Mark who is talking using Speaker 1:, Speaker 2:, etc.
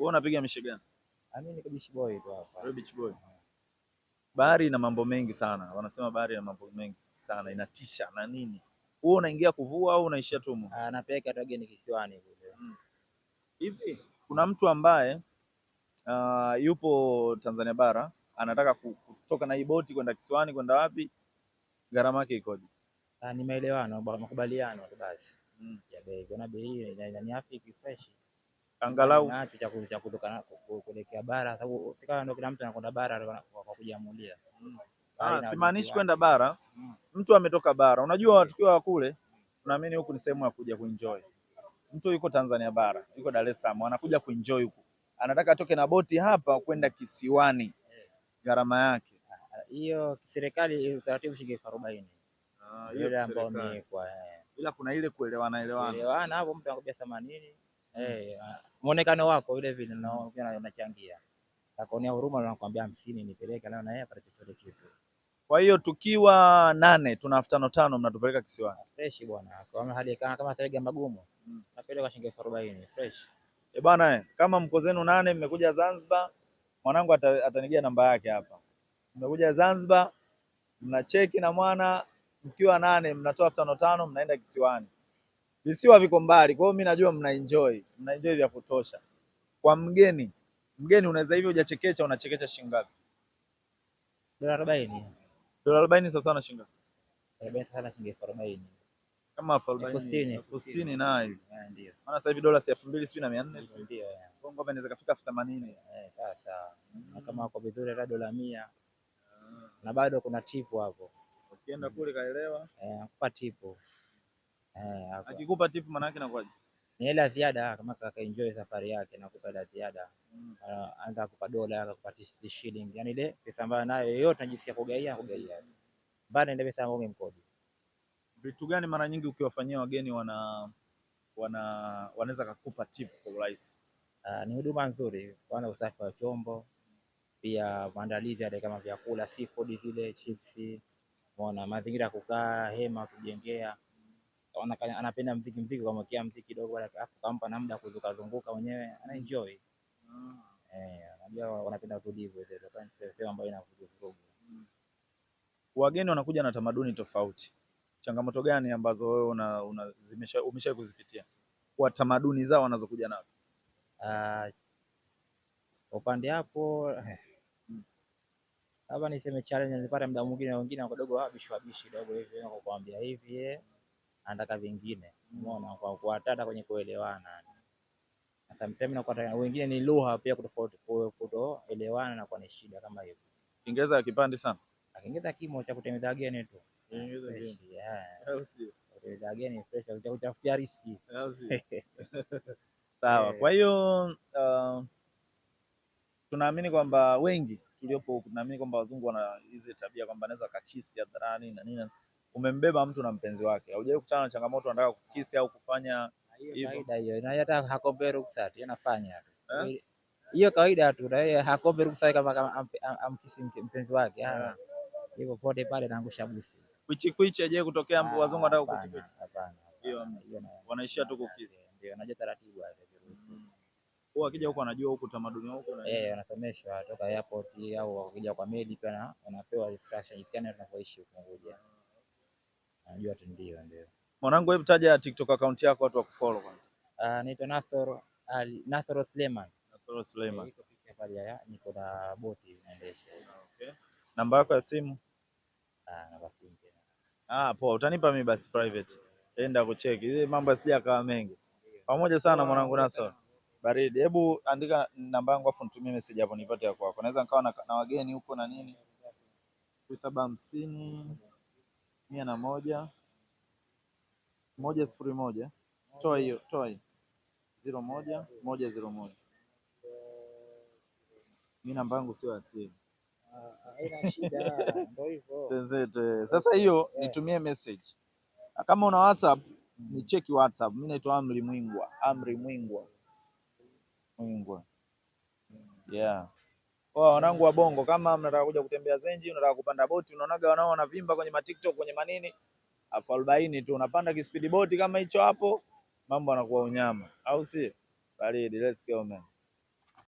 Speaker 1: Wewe unapiga mishe gani?
Speaker 2: Ah, mimi ni beach boy tu
Speaker 1: hapa. Wewe beach boy. Bahari ina mambo mengi sana, wanasema bahari ina mambo mengi sana, inatisha na nini. Wewe unaingia kuvua au unaishia tu huko?
Speaker 2: Ah, napeka tu ageni kisiwani kule. Hmm.
Speaker 1: Hivi kuna mtu ambaye uh, yupo Tanzania bara anataka kutoka na hii boti kwenda kisiwani kwenda wapi, gharama yake ikoje?
Speaker 2: Ah, ni maelewano, makubaliano tu basi. Mm. Ya bei, kuna bei hiyo inaniafiki fresh angalau nacho cha cha kutoka kuelekea bara, sababu sika ndio kila mtu anakwenda bara kwa kuja mm.
Speaker 1: Ah, Simaanishi kwenda bara, mm. mtu ametoka bara. Unajua tukiwa kule tunaamini huku ni sehemu ya kuja kuenjoy. Mtu yuko Tanzania bara, yuko Dar es Salaam, anakuja kuenjoy huku, anataka atoke na boti hapa kwenda kisiwani, eh. gharama yake ah,
Speaker 2: ah, hiyo serikali utaratibu shilingi 40.
Speaker 1: Ah, hiyo
Speaker 2: ambao ni kwa
Speaker 1: ila kuna ile kuelewana elewana.
Speaker 2: Elewana hapo mtu anakuja 80 hey, eh, muonekano wako vile vile na unachangia akaonea huruma, na nakwambia hamsini nipeleke leo na yeye apate chochote kitu.
Speaker 1: Kwa hiyo tukiwa nane tuna elfu tano tano mnatupeleka kisiwani
Speaker 2: fresh bwana, kama hali kama kama terega magumu mm. napeleka shilingi elfu arobaini fresh e
Speaker 1: eh bwana, kama mko zenu nane mmekuja Zanzibar, mwanangu atanigia namba yake hapa. Mmekuja Zanzibar mnacheki na mwana mkiwa nane mnatoa elfu tano tano mnaenda kisiwani visiwa viko mbali, kwa hiyo mimi najua mna enjoy, mna enjoy vya kutosha. Kwa mgeni, mgeni unaweza hivi hujachekecha, unachekecha shilingi ngapi?
Speaker 2: Dola arobaini.
Speaker 1: Dola arobaini sawa sawa na shilingi ngapi? Kama elfu
Speaker 2: arobaini, elfu
Speaker 1: sitini na hivi. Ah, ndio. Maana sasa hivi dola si elfu mbili sijui na mia nne.
Speaker 2: Ndio. Kwa ngombe inaweza kufika elfu themanini. Eh, sawa sawa. Na mm. kama wako vizuri hata dola mia. Ah. Na bado kuna tipu hapo.
Speaker 1: Ukienda kule kaelewa.
Speaker 2: Eh, kupa tipu. Eh,
Speaker 1: Akikupa tip maana yake inakuwaje?
Speaker 2: Ni hela ziada kama kaka enjoy safari yake na kupa hela ziada. Mm. Uh, anza kupa dola, akakupa shilingi. Yaani ile pesa ambayo nayo yote anajisikia kugaia kugaia. Bana ile pesa ambayo umemkodi.
Speaker 1: Vitu gani mara nyingi ukiwafanyia wageni wana wana wanaweza kukupa tip kwa urahisi?
Speaker 2: Uh, ni huduma nzuri kwana usafi wa chombo pia maandalizi yale kama vyakula seafood zile chipsi, unaona mazingira ya kukaa, hema kujengea anapenda mziki mziki kwa mkia mziki kidogo, alafu kampa na muda kuzunguka zunguka mwenyewe ana enjoy. Ah. Eh, unajua wanapenda utulivu ile sehemu ambayo ina vurugu. Hmm.
Speaker 1: Wageni wanakuja na tamaduni tofauti, changamoto gani ambazo wewe una, una umesha kuzipitia kwa tamaduni zao wanazokuja nazo?
Speaker 2: Uh, upande hapo hmm. labda niseme challenge nilipata muda mwingine, wengine wadogo wabishi wabishi dogo hivi, nakuambia hivi eh anataka vingine, mm. umeona, kwa kuatata kwenye kuelewana. Wengine ni lugha pia kutofauti, kutoelewana na kuwa ni shida kama hivyo.
Speaker 1: Kiingereza ya kipande sana,
Speaker 2: akiingereza kimo cha kutemeza gani tu kutafutia riski.
Speaker 1: Sawa, eh. kwa hiyo uh, tunaamini kwamba wengi tuliopo, tunaamini kwamba wazungu wana hizi tabia kwamba anaweza kakisi hadharani na nini umembeba mtu na mpenzi wake, haujawahi kukutana na changamoto, anataka kukisi au kufanya hivyo?
Speaker 2: Hiyo na hata hakombe ruksa tu, anafanya tu eh? hiyo kawaida tu, na yeye hakombe ruksa kama amkisi mpenzi wake eh. hivyo, pote pale naangusha busi.
Speaker 1: Kwichikwichi Je, kutokea, wazungu wanataka kwichikwichi? Hapana, hiyo wanaishia tu kukisi,
Speaker 2: ndio anaje taratibu hapo mm.
Speaker 1: huwa akija huko anajua huko tamaduni huko na
Speaker 2: yeye eh, anasomeshwa toka airport au akija kwa meli pia anapewa instruction jinsi yaani tunapoishi huko Unguja. Najua tu ndio ndio.
Speaker 1: Mwanangu, hebu taja TikTok account yako watu wakufollow kwanza.
Speaker 2: Ah, naitwa Nasoro Ali, ah, Nasoro Suleiman.
Speaker 1: Nasoro Suleiman. Niko eh,
Speaker 2: picha pale ya niko na boti naendesha. Okay.
Speaker 1: Namba yako ya simu?
Speaker 2: Ah, namba simu tena.
Speaker 1: Ah, poa, utanipa mimi basi private. Enda kucheki. Ile mambo sija kawa mengi. Pamoja sana mwanangu Nasoro. Baridi. Hebu andika namba yangu afu nitumie message hapo nipate ya kwako. Naweza nikawa na, na wageni huko na nini? 750 mia na moja moja sifuri moja toa hiyo toa hiyo ziro moja moja ziro moja mi namba yangu sio asili. Eh. Sasa hiyo eh. nitumie message. Kama una WhatsApp ni cheki WhatsApp. mi naitwa Amri Mwingwa. Amri Mwingwa. Mwingwa. Yeah. Kwa wanangu wa Bongo, kama mnataka kuja kutembea Zenji, unataka kupanda boti, unaonaga wanao wanavimba kwenye ma TikTok kwenye manini, afu arobaini tu unapanda kispidi boti kama hicho hapo, mambo yanakuwa unyama, au si baridi. Let's go man.